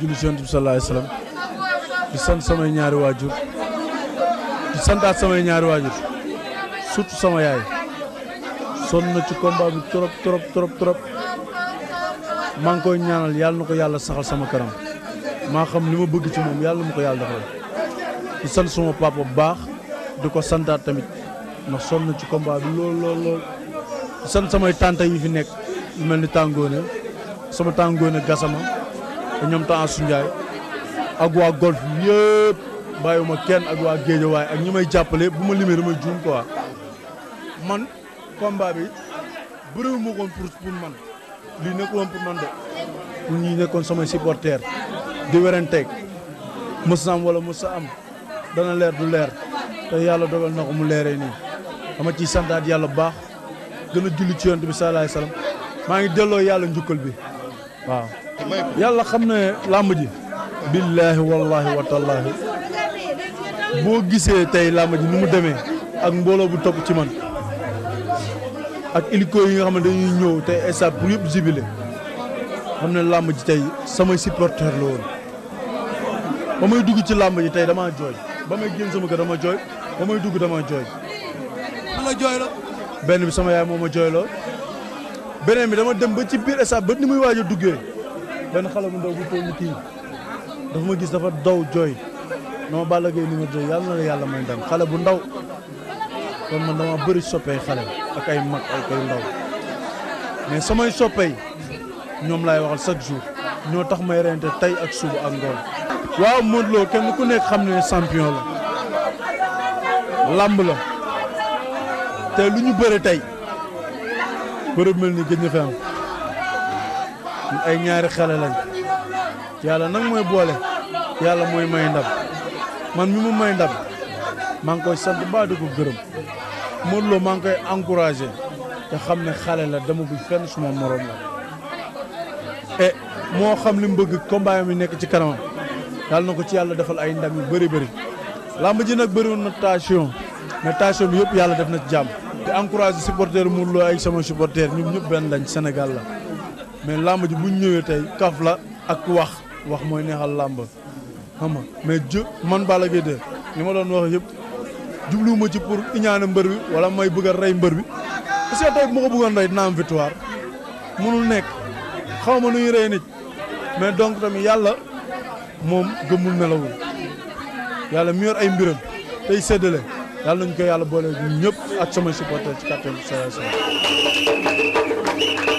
julli ci yonent bi sallallahu alayhi wasallam di samay ñaari waajur di santaat samay ñaari waajur surtout sama yaay sonn na ci combat bi trop trop trop trop maa ngi koy ñaanal yàlla na ko yàlla saxal sama kanam maa xam li ma bëgg ci moom yàlla ma ko yàlla defal di sama papa bu baax di ko santaat tamit ndax sonn na ci combat bi lool lool lool di sant samay tante yi nekk lu mel ni tàngoone sama tàngoone gasama ñoom Tansu Ndiaye ak waa golf yëpp bàyyiwuma kenn ak waa Géejawaay ak ñi may jàppale bu ma limee damay juum quoi man combat bi bëriwu ma woon pour pour man lii nekkul woon pour man de pour ñi nekkoon samay supporters di werenteeg mës na am wala mës am dana leer du leer te yàlla dogal na ko mu leeree nii dama ciy santaat yàlla bu baax gën a julli ci yonent bi sa alayhi maa ngi delloo yàlla njukkal bi yàlla xam ne làmb ji. billaahi wallaahi watallaahi boo gisee tey làmb ji ni mu demee ak mbooloo bu topp ci man ak hélico yi nga xam ne dañuy ñëw tey stade pour yëpp jubile xam ne làmb ji tey samay supporter la ba may dugg ci làmb ji tey dama jooy ba may génn sama kër dama jooy ba may dugg dama jooy. la bi sama yaay moo ma jooyloo beneen bi dama dem ba ci biir stade ba ni muy waaj a duggee. benn xale bu ndaw bu tollu kii dafa ma gis dafa daw jooy non Balla Gaye numéro 2 yàlla na la yàlla may ndam xale bu ndaw ma man dama bëri soppey xale ak ay mag ay koy ndaw mais samay soppey ñoom laay waxal chaque jour ñoo tax may rente tey ak suba ak ngoon waaw Modou kenn ku nekk xam ne champion la lamb la te lu ñu bëre tey bëre mel ni gëj ay ñaari xale lañ yàlla nag mooy boole yàlla mooy may ndam man mi mu may ndam maa ngi koy sant ba di gërëm Modou Lo maa koy encouragé te xam ne xale la dama ko fenn suma morom la e moo xam ni mu bëgg combat mi nekk ci kanamam yàlla na ko ci yàlla defal ay ndam yu bëri bëri làmb ji nag bëri na tension mais tension bi yëpp yàlla def na ci jàmm te encouragé supporter Modou ay sama supporter ñun ñëpp benn lañ Sénégal la mais làmb ji bu ñëwee tey kaf la ak wax wax mooy neexal làmb xam nga mais jë man Balla Gaye 2 ma doon wax yëpp jubluwuma ci pour iñaane mbër bi wala may bëgg rey mbër bi parce que tey bu ko bëggoon rey dina am victoire mënul nekk xaw ma nu ñuy rey nit mais donc tamit yàlla moom gëmul nelawul yàlla mi yor ay mbiram tey séddale yàlla nañu ko yàlla boole ñëpp ak sama supporter ci kàttan sa